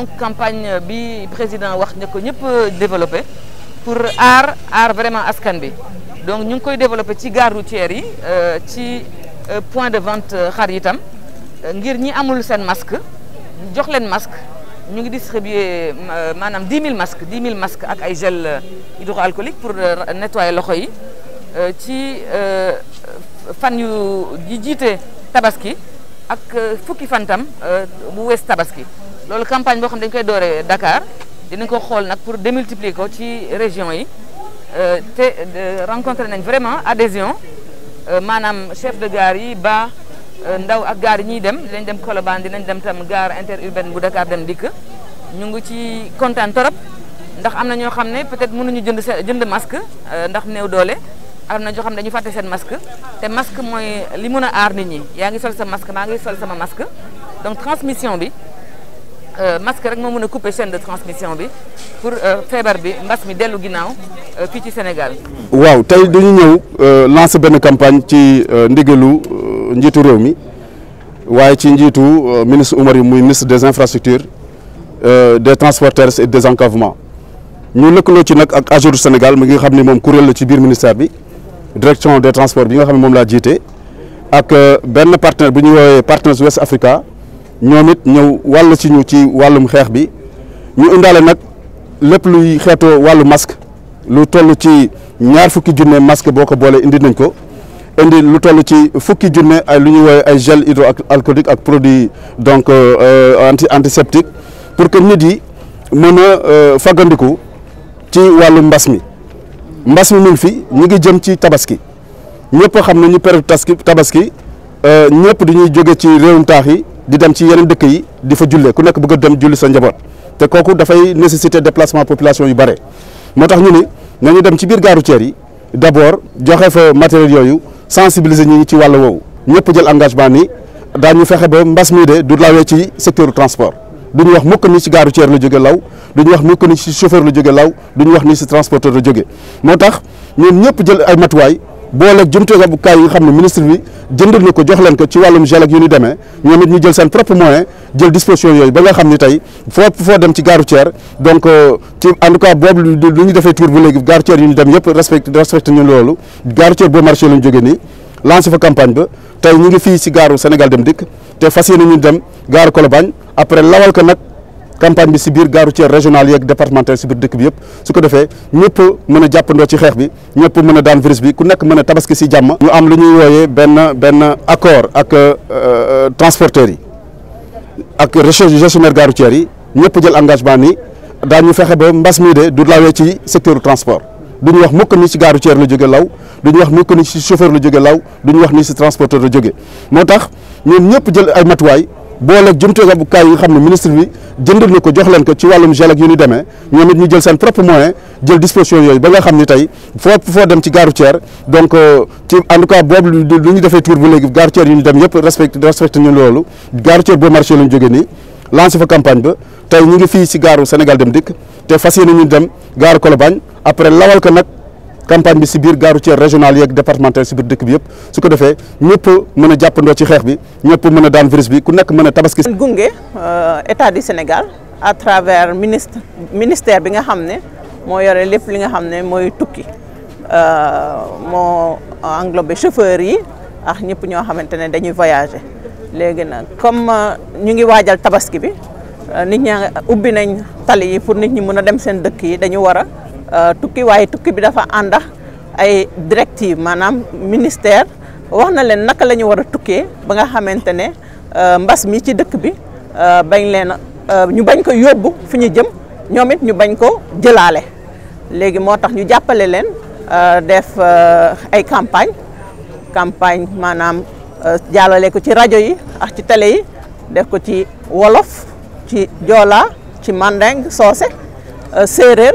donc campagne bi président wax ne ko ñep euh, développer pour ar ar vraiment askan bi donc ñu ngi koy développer ci gare routière yi euh, ci euh, point de vente xar itam ngir ñi amul sen masque jox len masque ñu ngi distribuer manam 10 000 masques 10 000 masques ak ay gel hydroalcoolique pour nettoyer loxo yi ci fan yu ji tabaski ak fukki fantam bu wess tabaski loolu campagne bo xamne dañ koy dooree Dakar dinañ ko xol nak pour démultiplier ko ci région yi euh, te euh, rencontrer nañ vraiment adhésion euh, Manam chef de gare yi ba ndaw ak gare ñi dem dinañ dem Colobane dinañ dem tam gare interurbaine bu Dakar dem dik ñu ngi ci kontaan torop ndax am ño xamne ne peut-être mënuñu jënd jënd masque ndax new doolé am ño xamne dañu faté sen masque té masque moy li mëna ar nit ñi yaa sol sa masque maa ngi sol sama masque donc transmission bi euh, masque rek mo meuna couper chaîne de transmission bi pour euh, feebar bi mbass mi delu ginaaw euh, fi ci Sénégal. waaw tay dañu ñew lancer ben campagne ci ndigelu njitu réew mi waaye ci njitu ministre Oumar muy ministre des infrastructures des transporteurs et des encavements ñu lëkkaloo ci nak ak AGEROUTE Sénégal mi nga xamni mom moom la ci biir ministère bi direction des transports bi nga xamni mom la jité ak ben partenaire bu ñu woyé Partners West Africa. ñoom it ñëw wàll si ñu ci wàllum xeex bi ñu indaale nag lépp luy xeetoo wàllu masque lu toll ci ñaar fukki junne masque boo ko boolee indi nañ ko indi lu toll ci fukki junne ay lu ñuy woowee ay gel hydroalcoolique ak produit donc euh, euh, anti antiseptique pour que nit yi mën a euh, faggandiku ci wàllu mbas mi mbas mi mu ngi fi ñu ngi jëm ci tabaski ñëpp xam nañu période tabaski tabaski ñëpp dañuy jóge ci réewum taax yi di dem ci yeneen dëkk yi di fa jullee ku nekk bëgg a dem julli sa njaboot te kooku dafay nécessité déplacement population yu bare moo tax ñu ni nañu dem ci biir gaaru ceer yi d'abord joxe fa matériel yooyu sensibiliser ñi ci wàll woowu ñëpp jël engagement ni daañu fexe ba mbas mii de du lawee ci secteur transport duñu wax mukk ni ci gaaru ceer la jóge law duñu wax mukk ni ci chauffeur la jóge law duñu wax ni ci transporteur la jóge moo tax ñun ñëpp jël ay matuwaay booleeg jumtukaay yi nga xam ne ministre bi jëndal na ko jox leen ko ci wàllum gel ak yu ñu demee ñoom it ñu jël seen propre moyen jël disposition yooyu ba nga xam ni tey foo foo dem ci gare routière donc euh, ci en tout cas boobu lu ñu defee tour bu léegi gare routière yu ñu dem yëpp respecté respecté ñu loolu gare routière boo marché lañ jógee nii lancé fa campagne ba tey ñu ngi fii si gaaru Sénégal dem dikk te fas yéene ñu dem gaaru Colobane après lawal ko nag campagne bi bir garu gare régional régionale yeeg départementale si biir dëkk bi yëpp su ko defee ñëpp mën a ci xeex bi ñëpp mëna daan virus bi ku nekk mëna a tabaski si jàmm. ñu am lu ñuy woyé ben ben accord ak euh, euh transporteur yi ak recherche gestionnaire garu routière yi ñëpp jël engagement ni dañu fexé ba mbass mi dé du lawee ci secteur transport. duñ wax mukk ni ci garu routière la jóge law duñ wax mukk ni ci chauffeur la jóge law duñ wax ni ci transporteur la jóge motax tax ñun ñëpp jël ay matuwaay. booleeg jumtukaay yi nga xam ne ministre bi jëndal ñu ko jox leen ko ci wàllum gel ak yu ni demee ñoom it ñu jël seen propre moyen jël disposition yooyu ba nga xam ni tey foo foo dem ci gare routière donc euh, ci en tout cas boobu lu ñu defee tour bu léegi gare routière yu ñu dem yëpp respect respecté ñu loolu gare routière boo marché lañu jógee nii lancé fa campagne ba tey ñu ngi fii si gaaru Sénégal dem dikk te fas yéene ñu dem gaaru Colobane après lawal ko nag campagne bi si biir gare routière régionale yeeg départementale si biir dëkk bi yëpp su ko defee ñëpp mën a ci xeex bi ñëpp mën daan virus bi ku nekk mën a tabaski. gunge euh, état du Sénégal à travers ministre ministère bi nga xam ne moo yore lépp li nga xam ne mooy tukki euh, moo englobé chauffeur yi ak ñëpp ñoo xamante ne dañuy voyager léegi nag comme euh, ñu ngi waajal tabaski bi nit ñaa ubbi nañ tali yi pour nit ñi mën a dem seen dëkk yi dañu war Euh, tukki waaye tukki bi dafa ànd ak ay directive maanaam ministère wax na leen naka lañu ñu war a tukkee ba nga xamante ne euh, mbas mi ci dëkk bi euh, bañ leen ñu bañ ko yóbbu fu ñu jëm ñoom it ñu bañ ko jëlaale léegi moo tax ñu jàppale leen def ay campagne campagne maanaam jàllale ko ci rajo yi ak ci télé yi def ko ci wolof ci joola ci mandeng soose séeréer